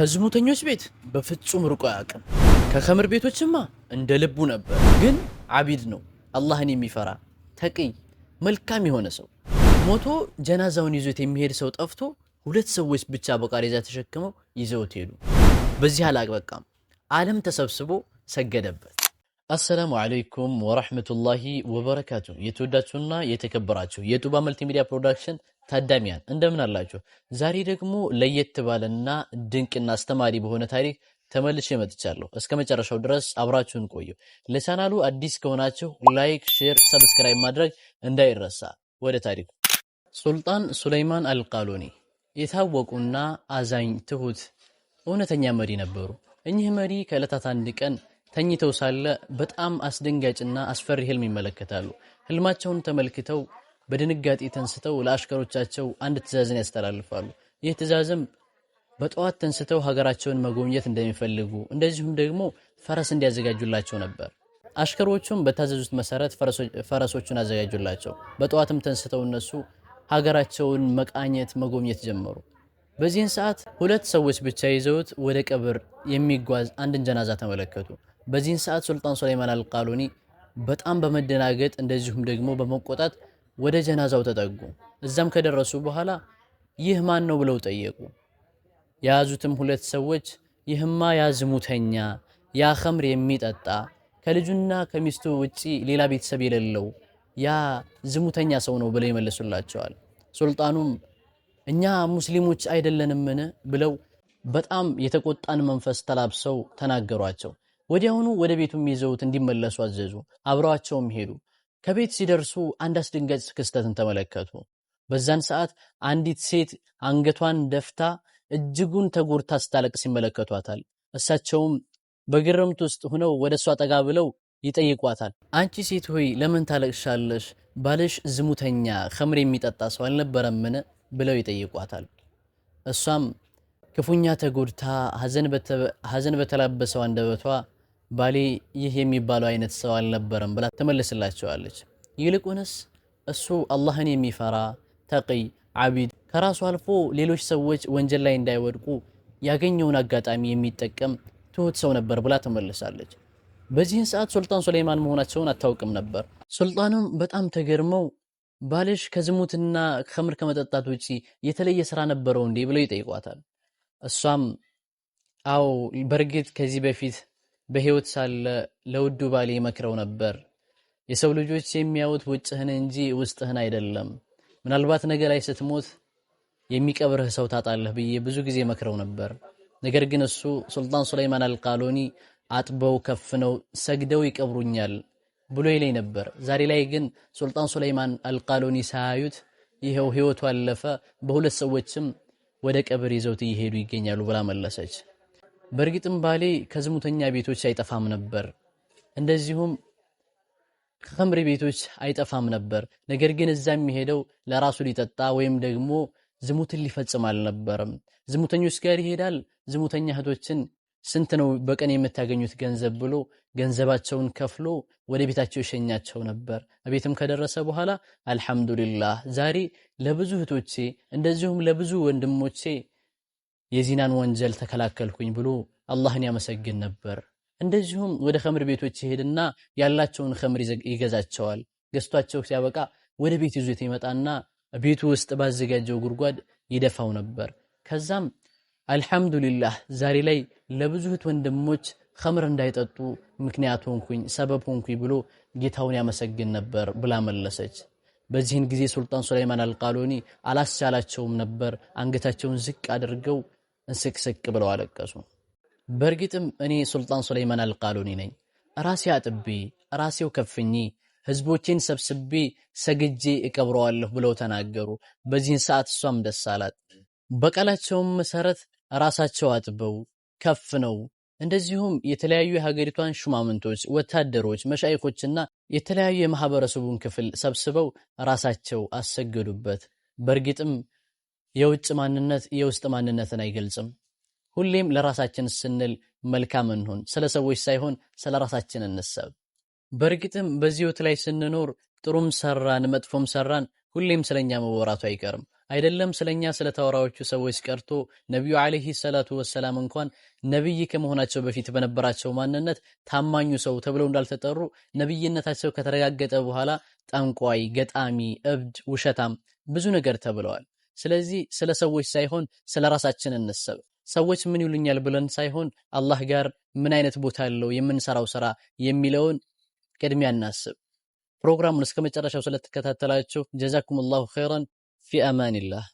ከዝሙተኞች ቤት በፍጹም ርቆ አያውቅም። ከከምር ቤቶችማ እንደ ልቡ ነበር። ግን አቢድ ነው፣ አላህን የሚፈራ ተቅይ፣ መልካም የሆነ ሰው። ሞቶ ጀናዛውን ይዞት የሚሄድ ሰው ጠፍቶ ሁለት ሰዎች ብቻ በቃሬዛ ተሸክመው ይዘውት ሄዱ። በዚህ አላበቃም፣ ዓለም ተሰብስቦ ሰገደበት። አሰላሙ አለይኩም ወራህመቱላሂ ወበረካቱ። የተወዳችሁና የተከበራችሁ የጡባ መልቲሚዲያ ፕሮዳክሽን ታዳሚያን እንደምን አላችሁ? ዛሬ ደግሞ ለየት ባለና ድንቅና አስተማሪ በሆነ ታሪክ ተመልሼ መጥቻለሁ። እስከ መጨረሻው ድረስ አብራችሁን ቆዩ። ለቻናሉ አዲስ ከሆናችሁ ላይክ፣ ሼር፣ ሰብስክራይብ ማድረግ እንዳይረሳ። ወደ ታሪኩ። ሱልጣን ሱለይማን አልቃሎኒ የታወቁና አዛኝ ትሁት እውነተኛ መሪ ነበሩ። እኚህ መሪ ከዕለታት አንድ ቀን ተኝተው ሳለ በጣም አስደንጋጭና አስፈሪ ህልም ይመለከታሉ። ህልማቸውን ተመልክተው በድንጋጤ ተንስተው ለአሽከሮቻቸው አንድ ትዛዝን ያስተላልፋሉ። ይህ ትዛዝም በጠዋት ተንስተው ሀገራቸውን መጎብኘት እንደሚፈልጉ እንደዚሁም ደግሞ ፈረስ እንዲያዘጋጁላቸው ነበር። አሽከሮቹም በታዘዙት መሰረት ፈረሶቹን አዘጋጁላቸው። በጠዋትም ተንስተው እነሱ ሀገራቸውን መቃኘት መጎብኘት ጀመሩ። በዚህን ሰዓት ሁለት ሰዎች ብቻ ይዘውት ወደ ቀብር የሚጓዝ አንድን ጀናዛ ተመለከቱ። በዚህን ሰዓት ሱልጣን ሱለይማን አልቃሎኒ በጣም በመደናገጥ እንደዚሁም ደግሞ በመቆጣት ወደ ጀናዛው ተጠጉ። እዛም ከደረሱ በኋላ ይህ ማን ነው ብለው ጠየቁ። የያዙትም ሁለት ሰዎች ይህማ ያዝሙተኛ፣ ያ ኸምር የሚጠጣ ከልጁና ከሚስቱ ውጪ ሌላ ቤተሰብ የሌለው ያ ዝሙተኛ ሰው ነው ብለው ይመልሱላቸዋል። ሱልጣኑም እኛ ሙስሊሞች አይደለንምን ብለው በጣም የተቆጣን መንፈስ ተላብሰው ተናገሯቸው። ወዲያውኑ ወደ ቤቱም ይዘውት እንዲመለሱ አዘዙ። አብረዋቸውም ሄዱ። ከቤት ሲደርሱ አንድ አስደንጋጭ ክስተትን ተመለከቱ። በዛን ሰዓት አንዲት ሴት አንገቷን ደፍታ እጅጉን ተጎድታ ስታለቅስ ይመለከቷታል። እሳቸውም በግርምት ውስጥ ሆነው ወደ እሷ ጠጋ ብለው ይጠይቋታል። አንቺ ሴት ሆይ ለምን ታለቅሻለሽ? ባልሽ ዝሙተኛ ከምር የሚጠጣ ሰው አልነበረምን? ብለው ይጠይቋታል። እሷም ክፉኛ ተጎድታ ሐዘን በተላበሰው አንደበቷ ባሌ ይህ የሚባለው አይነት ሰው አልነበረም ብላ ትመልስላቸዋለች። ይልቁንስ እሱ አላህን የሚፈራ ተቂ አቢድ ከራሱ አልፎ ሌሎች ሰዎች ወንጀል ላይ እንዳይወድቁ ያገኘውን አጋጣሚ የሚጠቀም ትሁት ሰው ነበር ብላ ትመልሳለች። በዚህን ሰዓት ሱልጣን ሱለይማን መሆናቸውን አታውቅም ነበር። ሱልጣንም በጣም ተገርመው ባልሽ ከዝሙትና ከምር ከመጠጣት ውጪ የተለየ ስራ ነበረው እንዴ ብለው ይጠይቋታል። እሷም አዎ በእርግጥ ከዚህ በፊት በሕይወት ሳለ ለውዱ ባሌ መክረው ነበር። የሰው ልጆች የሚያዩት ውጭህን እንጂ ውስጥህን አይደለም፣ ምናልባት ነገ ላይ ስትሞት የሚቀብርህ ሰው ታጣለህ ብዬ ብዙ ጊዜ መክረው ነበር። ነገር ግን እሱ ሱልጣን ሱለይማን አልቃሎኒ አጥበው ከፍነው ሰግደው ይቀብሩኛል ብሎ ይለኝ ነበር። ዛሬ ላይ ግን ሱልጣን ሱለይማን አልቃሎኒ ሳያዩት ይኸው ሕይወቱ አለፈ፣ በሁለት ሰዎችም ወደ ቀብር ይዘውት እየሄዱ ይገኛሉ ብላ መለሰች። በእርግጥም ባሌ ከዝሙተኛ ቤቶች አይጠፋም ነበር፣ እንደዚሁም ከኸምሪ ቤቶች አይጠፋም ነበር። ነገር ግን እዛ የሚሄደው ለራሱ ሊጠጣ ወይም ደግሞ ዝሙትን ሊፈጽም አልነበረም። ዝሙተኞች ጋር ይሄዳል። ዝሙተኛ እህቶችን ስንት ነው በቀን የምታገኙት ገንዘብ ብሎ ገንዘባቸውን ከፍሎ ወደ ቤታቸው ይሸኛቸው ነበር። ቤትም ከደረሰ በኋላ አልሐምዱሊላህ ዛሬ ለብዙ እህቶቼ እንደዚሁም ለብዙ ወንድሞቼ የዚናን ወንጀል ተከላከልኩኝ ብሎ አላህን ያመሰግን ነበር። እንደዚሁም ወደ ኸምር ቤቶች ይሄድና ያላቸውን ኸምር ይገዛቸዋል። ገዝቷቸው ሲያበቃ ወደ ቤት ይዞት ይመጣና ቤቱ ውስጥ ባዘጋጀው ጉድጓድ ይደፋው ነበር። ከዛም አልሐምዱሊላህ ዛሬ ላይ ለብዙ እህት ወንድሞች ኸምር እንዳይጠጡ ምክንያት ሆንኩኝ፣ ሰበብ ሆንኩኝ ብሎ ጌታውን ያመሰግን ነበር ብላ መለሰች። በዚህን ጊዜ ሱልጣን ሱለይማን አልቃሎኒ አላስቻላቸውም ነበር። አንገታቸውን ዝቅ አድርገው እስቅስቅ ብለው አለቀሱ። በእርግጥም እኔ ሱልጣን ሱለይማን አልቃሉኒ ነኝ። ራሴ አጥቤ ራሴው ከፍኝ ህዝቦቼን ሰብስቤ ሰግጄ እቀብረዋለሁ ብለው ተናገሩ። በዚህን ሰዓት እሷም ደስ አላት። በቃላቸውም መሰረት ራሳቸው አጥበው ከፍ ነው። እንደዚሁም የተለያዩ የሀገሪቷን ሹማምንቶች፣ ወታደሮች፣ መሻይኮችና የተለያዩ የማህበረሰቡን ክፍል ሰብስበው ራሳቸው አሰገዱበት። በእርግጥም የውጭ ማንነት የውስጥ ማንነትን አይገልጽም። ሁሌም ለራሳችን ስንል መልካም እንሁን፣ ስለ ሰዎች ሳይሆን ስለ ራሳችን እንሰብ። በእርግጥም በዚህወት ላይ ስንኖር ጥሩም ሰራን መጥፎም ሰራን ሁሌም ስለኛ መወራቱ አይቀርም። አይደለም ስለኛ ስለ ተወራዎቹ ሰዎች ቀርቶ ነቢዩ ዓለይሂ ሰላቱ ወሰላም እንኳን ነቢይ ከመሆናቸው በፊት በነበራቸው ማንነት ታማኙ ሰው ተብለው እንዳልተጠሩ ነቢይነታቸው ከተረጋገጠ በኋላ ጠንቋይ፣ ገጣሚ፣ እብድ፣ ውሸታም ብዙ ነገር ተብለዋል። ስለዚህ ስለ ሰዎች ሳይሆን ስለ ራሳችን እንሰብ። ሰዎች ምን ይሉኛል ብለን ሳይሆን አላህ ጋር ምን አይነት ቦታ አለው የምንሰራው ስራ የሚለውን ቅድሚያ እናስብ። ፕሮግራሙን እስከ መጨረሻው ስለተከታተላችሁ ጀዛኩም ላሁ ኸይረን። ፊ አማኒላህ